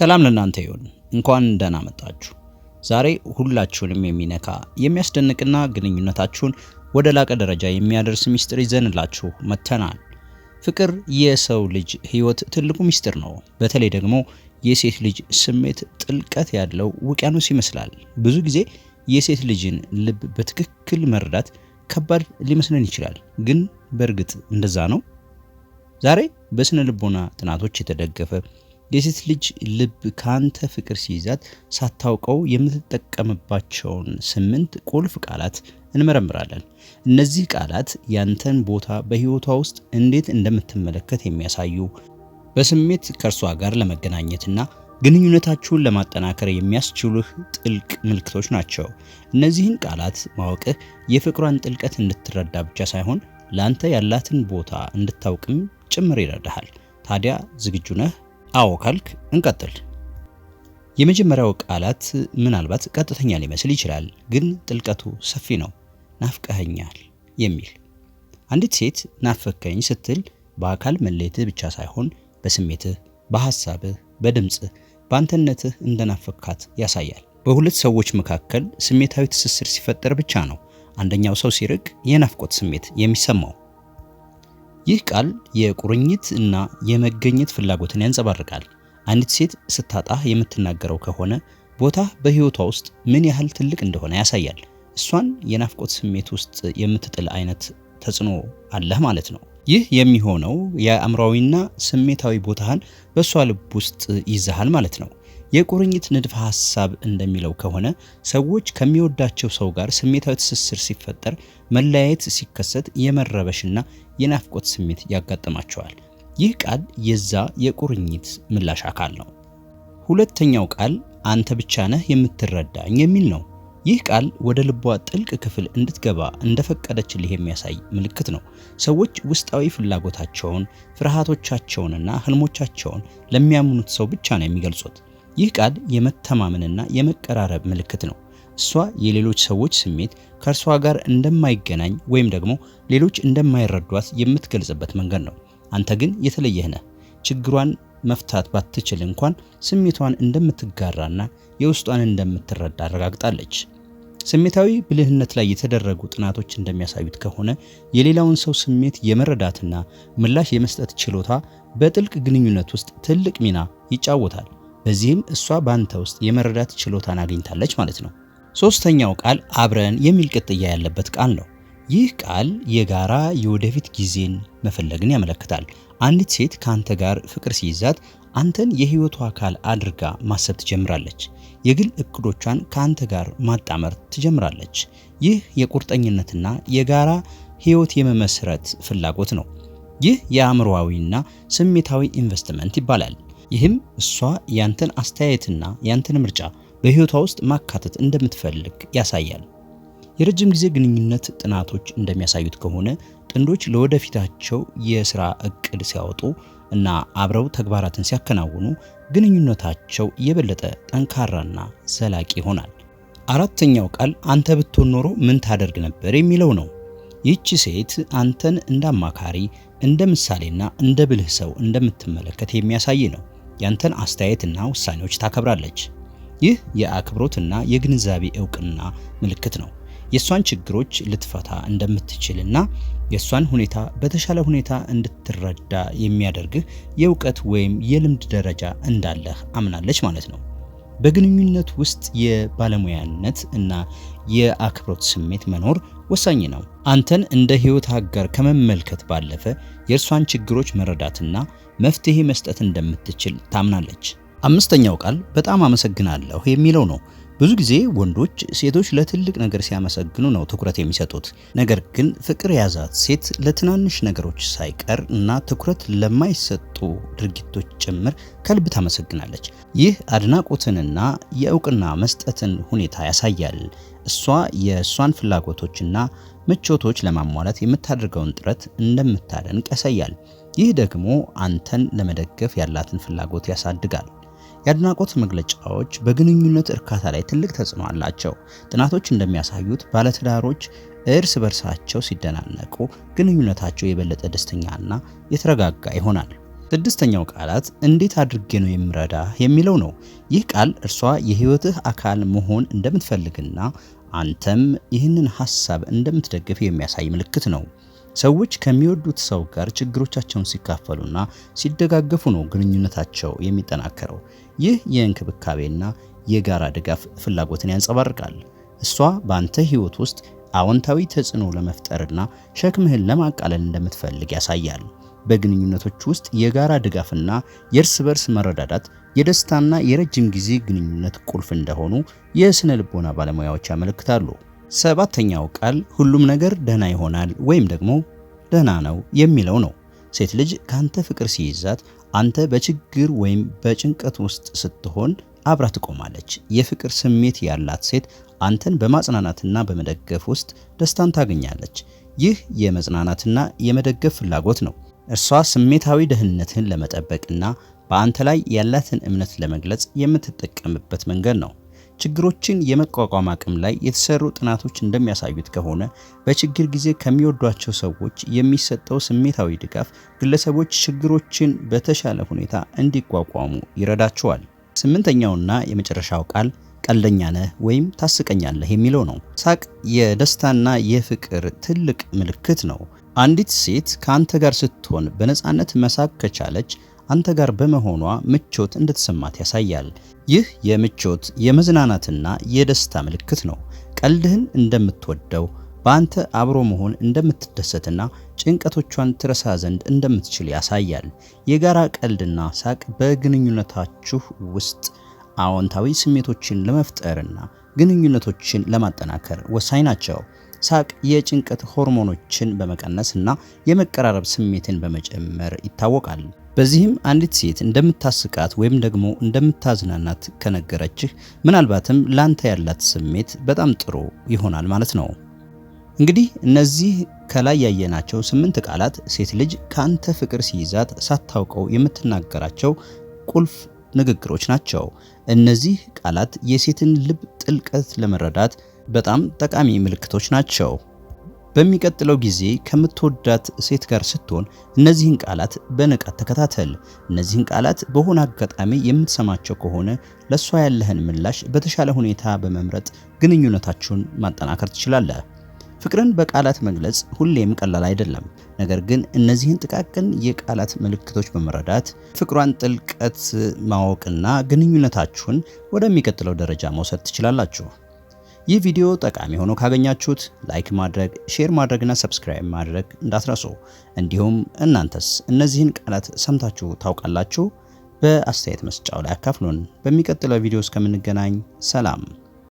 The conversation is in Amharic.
ሰላም ለእናንተ ይሁን። እንኳን ደህና መጣችሁ። ዛሬ ሁላችሁንም የሚነካ የሚያስደንቅና ግንኙነታችሁን ወደ ላቀ ደረጃ የሚያደርስ ሚስጥር ይዘንላችሁ መጥተናል። ፍቅር የሰው ልጅ ሕይወት ትልቁ ሚስጥር ነው። በተለይ ደግሞ የሴት ልጅ ስሜት ጥልቀት ያለው ውቅያኖስ ይመስላል። ብዙ ጊዜ የሴት ልጅን ልብ በትክክል መረዳት ከባድ ሊመስለን ይችላል። ግን በእርግጥ እንደዛ ነው? ዛሬ በስነ ልቦና ጥናቶች የተደገፈ የሴት ልጅ ልብ ካንተ ፍቅር ሲይዛት ሳታውቀው የምትጠቀምባቸውን ስምንት ቁልፍ ቃላት እንመረምራለን። እነዚህ ቃላት ያንተን ቦታ በሕይወቷ ውስጥ እንዴት እንደምትመለከት የሚያሳዩ በስሜት ከእርሷ ጋር ለመገናኘትና ግንኙነታችሁን ለማጠናከር የሚያስችሉህ ጥልቅ ምልክቶች ናቸው። እነዚህን ቃላት ማወቅህ የፍቅሯን ጥልቀት እንድትረዳ ብቻ ሳይሆን ለአንተ ያላትን ቦታ እንድታውቅም ጭምር ይረዳሃል። ታዲያ ዝግጁ ነህ? አዎ ካልክ እንቀጥል። የመጀመሪያው ቃላት ምናልባት ቀጥተኛ ሊመስል ይችላል፣ ግን ጥልቀቱ ሰፊ ነው። ናፍቀኸኛል የሚል አንዲት ሴት ናፈከኝ ስትል በአካል መለየትህ ብቻ ሳይሆን በስሜትህ፣ በሐሳብህ፣ በድምፅህ፣ በአንተነትህ እንደናፈካት ያሳያል። በሁለት ሰዎች መካከል ስሜታዊ ትስስር ሲፈጠር ብቻ ነው አንደኛው ሰው ሲርቅ የናፍቆት ስሜት የሚሰማው። ይህ ቃል የቁርኝት እና የመገኘት ፍላጎትን ያንጸባርቃል። አንዲት ሴት ስታጣህ የምትናገረው ከሆነ ቦታ በህይወቷ ውስጥ ምን ያህል ትልቅ እንደሆነ ያሳያል። እሷን የናፍቆት ስሜት ውስጥ የምትጥል አይነት ተጽዕኖ አለህ ማለት ነው። ይህ የሚሆነው የአእምሯዊና ስሜታዊ ቦታህን በእሷ ልብ ውስጥ ይዛሃል ማለት ነው። የቁርኝት ንድፈ ሐሳብ እንደሚለው ከሆነ ሰዎች ከሚወዳቸው ሰው ጋር ስሜታዊ ትስስር ሲፈጠር፣ መለያየት ሲከሰት የመረበሽና የናፍቆት ስሜት ያጋጥማቸዋል። ይህ ቃል የዛ የቁርኝት ምላሽ አካል ነው። ሁለተኛው ቃል አንተ ብቻ ነህ የምትረዳኝ የሚል ነው። ይህ ቃል ወደ ልቧ ጥልቅ ክፍል እንድትገባ እንደፈቀደችልህ የሚያሳይ ምልክት ነው። ሰዎች ውስጣዊ ፍላጎታቸውን፣ ፍርሃቶቻቸውንና ህልሞቻቸውን ለሚያምኑት ሰው ብቻ ነው የሚገልጹት። ይህ ቃል የመተማመንና የመቀራረብ ምልክት ነው። እሷ የሌሎች ሰዎች ስሜት ከእርሷ ጋር እንደማይገናኝ ወይም ደግሞ ሌሎች እንደማይረዷት የምትገልጽበት መንገድ ነው። አንተ ግን የተለየህ ነህ። ችግሯን መፍታት ባትችል እንኳን ስሜቷን እንደምትጋራና የውስጧን እንደምትረዳ አረጋግጣለች። ስሜታዊ ብልህነት ላይ የተደረጉ ጥናቶች እንደሚያሳዩት ከሆነ የሌላውን ሰው ስሜት የመረዳትና ምላሽ የመስጠት ችሎታ በጥልቅ ግንኙነት ውስጥ ትልቅ ሚና ይጫወታል። በዚህም እሷ በአንተ ውስጥ የመረዳት ችሎታን አግኝታለች ማለት ነው። ሶስተኛው ቃል አብረን የሚል ቅጥያ ያለበት ቃል ነው። ይህ ቃል የጋራ የወደፊት ጊዜን መፈለግን ያመለክታል። አንዲት ሴት ከአንተ ጋር ፍቅር ሲይዛት አንተን የህይወቷ አካል አድርጋ ማሰብ ትጀምራለች። የግል እቅዶቿን ከአንተ ጋር ማጣመር ትጀምራለች። ይህ የቁርጠኝነትና የጋራ ህይወት የመመስረት ፍላጎት ነው። ይህ የአእምሮዊና ስሜታዊ ኢንቨስትመንት ይባላል። ይህም እሷ ያንተን አስተያየትና ያንተን ምርጫ በህይወቷ ውስጥ ማካተት እንደምትፈልግ ያሳያል። የረጅም ጊዜ ግንኙነት ጥናቶች እንደሚያሳዩት ከሆነ ጥንዶች ለወደፊታቸው የሥራ እቅድ ሲያወጡ እና አብረው ተግባራትን ሲያከናውኑ ግንኙነታቸው የበለጠ ጠንካራና ዘላቂ ይሆናል። አራተኛው ቃል አንተ ብትሆን ኖሮ ምን ታደርግ ነበር የሚለው ነው። ይህች ሴት አንተን እንደ አማካሪ፣ እንደ ምሳሌና እንደ ብልህ ሰው እንደምትመለከት የሚያሳይ ነው። ያንተን አስተያየትና ውሳኔዎች ታከብራለች። ይህ የአክብሮትና የግንዛቤ እውቅና ምልክት ነው። የእሷን ችግሮች ልትፈታ እንደምትችልና የእሷን ሁኔታ በተሻለ ሁኔታ እንድትረዳ የሚያደርግህ የእውቀት ወይም የልምድ ደረጃ እንዳለህ አምናለች ማለት ነው። በግንኙነት ውስጥ የባለሙያነት እና የአክብሮት ስሜት መኖር ወሳኝ ነው። አንተን እንደ ሕይወት አጋር ከመመልከት ባለፈ የእርሷን ችግሮች መረዳትና መፍትሄ መስጠት እንደምትችል ታምናለች። አምስተኛው ቃል በጣም አመሰግናለሁ የሚለው ነው። ብዙ ጊዜ ወንዶች ሴቶች ለትልቅ ነገር ሲያመሰግኑ ነው ትኩረት የሚሰጡት። ነገር ግን ፍቅር የያዛት ሴት ለትናንሽ ነገሮች ሳይቀር እና ትኩረት ለማይሰጡ ድርጊቶች ጭምር ከልብ ታመሰግናለች። ይህ አድናቆትንና የእውቅና መስጠትን ሁኔታ ያሳያል። እሷ የእሷን ፍላጎቶችና ምቾቶች ለማሟላት የምታደርገውን ጥረት እንደምታደንቅ ያሳያል። ይህ ደግሞ አንተን ለመደገፍ ያላትን ፍላጎት ያሳድጋል። የአድናቆት መግለጫዎች በግንኙነት እርካታ ላይ ትልቅ ተጽዕኖ አላቸው። ጥናቶች እንደሚያሳዩት ባለትዳሮች እርስ በርሳቸው ሲደናነቁ ግንኙነታቸው የበለጠ ደስተኛና የተረጋጋ ይሆናል። ስድስተኛው ቃላት እንዴት አድርጌ ነው የምረዳ የሚለው ነው። ይህ ቃል እርሷ የህይወትህ አካል መሆን እንደምትፈልግና አንተም ይህንን ሀሳብ እንደምትደግፍ የሚያሳይ ምልክት ነው። ሰዎች ከሚወዱት ሰው ጋር ችግሮቻቸውን ሲካፈሉና ሲደጋገፉ ነው ግንኙነታቸው የሚጠናከረው። ይህ የእንክብካቤና የጋራ ድጋፍ ፍላጎትን ያንጸባርቃል። እሷ በአንተ ህይወት ውስጥ አዎንታዊ ተጽዕኖ ለመፍጠርና ሸክምህን ለማቃለል እንደምትፈልግ ያሳያል። በግንኙነቶች ውስጥ የጋራ ድጋፍና የእርስ በርስ መረዳዳት የደስታና የረጅም ጊዜ ግንኙነት ቁልፍ እንደሆኑ የስነ ልቦና ባለሙያዎች ያመለክታሉ። ሰባተኛው ቃል ሁሉም ነገር ደህና ይሆናል ወይም ደግሞ ደህና ነው የሚለው ነው። ሴት ልጅ ካንተ ፍቅር ሲይዛት አንተ በችግር ወይም በጭንቀት ውስጥ ስትሆን አብራ ትቆማለች። የፍቅር ስሜት ያላት ሴት አንተን በማጽናናትና በመደገፍ ውስጥ ደስታን ታገኛለች። ይህ የመጽናናትና የመደገፍ ፍላጎት ነው። እርሷ ስሜታዊ ደህንነትህን ለመጠበቅና በአንተ ላይ ያላትን እምነት ለመግለጽ የምትጠቀምበት መንገድ ነው። ችግሮችን የመቋቋም አቅም ላይ የተሰሩ ጥናቶች እንደሚያሳዩት ከሆነ በችግር ጊዜ ከሚወዷቸው ሰዎች የሚሰጠው ስሜታዊ ድጋፍ ግለሰቦች ችግሮችን በተሻለ ሁኔታ እንዲቋቋሙ ይረዳቸዋል። ስምንተኛውና የመጨረሻው ቃል ቀልደኛ ነህ ወይም ታስቀኛለህ የሚለው ነው። ሳቅ የደስታና የፍቅር ትልቅ ምልክት ነው። አንዲት ሴት ከአንተ ጋር ስትሆን በነፃነት መሳቅ ከቻለች አንተ ጋር በመሆኗ ምቾት እንድትሰማት ያሳያል። ይህ የምቾት የመዝናናትና የደስታ ምልክት ነው። ቀልድህን እንደምትወደው በአንተ አብሮ መሆን እንደምትደሰትና ጭንቀቶቿን ትረሳ ዘንድ እንደምትችል ያሳያል። የጋራ ቀልድና ሳቅ በግንኙነታችሁ ውስጥ አዎንታዊ ስሜቶችን ለመፍጠርና ግንኙነቶችን ለማጠናከር ወሳኝ ናቸው። ሳቅ የጭንቀት ሆርሞኖችን በመቀነስና የመቀራረብ ስሜትን በመጨመር ይታወቃል። በዚህም አንዲት ሴት እንደምታስቃት ወይም ደግሞ እንደምታዝናናት ከነገረችህ ምናልባትም ላንተ ያላት ስሜት በጣም ጥሩ ይሆናል ማለት ነው። እንግዲህ እነዚህ ከላይ ያየናቸው ስምንት ቃላት ሴት ልጅ ከአንተ ፍቅር ሲይዛት ሳታውቀው የምትናገራቸው ቁልፍ ንግግሮች ናቸው። እነዚህ ቃላት የሴትን ልብ ጥልቀት ለመረዳት በጣም ጠቃሚ ምልክቶች ናቸው። በሚቀጥለው ጊዜ ከምትወዳት ሴት ጋር ስትሆን እነዚህን ቃላት በንቃት ተከታተል። እነዚህን ቃላት በሆነ አጋጣሚ የምትሰማቸው ከሆነ ለእሷ ያለህን ምላሽ በተሻለ ሁኔታ በመምረጥ ግንኙነታችሁን ማጠናከር ትችላለህ። ፍቅርን በቃላት መግለጽ ሁሌም ቀላል አይደለም። ነገር ግን እነዚህን ጥቃቅን የቃላት ምልክቶች በመረዳት ፍቅሯን ጥልቀት ማወቅና ግንኙነታችሁን ወደሚቀጥለው ደረጃ መውሰድ ትችላላችሁ። ይህ ቪዲዮ ጠቃሚ ሆኖ ካገኛችሁት ላይክ ማድረግ፣ ሼር ማድረግና ሰብስክራይብ ማድረግ እንዳትረሱ። እንዲሁም እናንተስ እነዚህን ቃላት ሰምታችሁ ታውቃላችሁ? በአስተያየት መስጫው ላይ አካፍሉን። በሚቀጥለው ቪዲዮ እስከምንገናኝ ሰላም።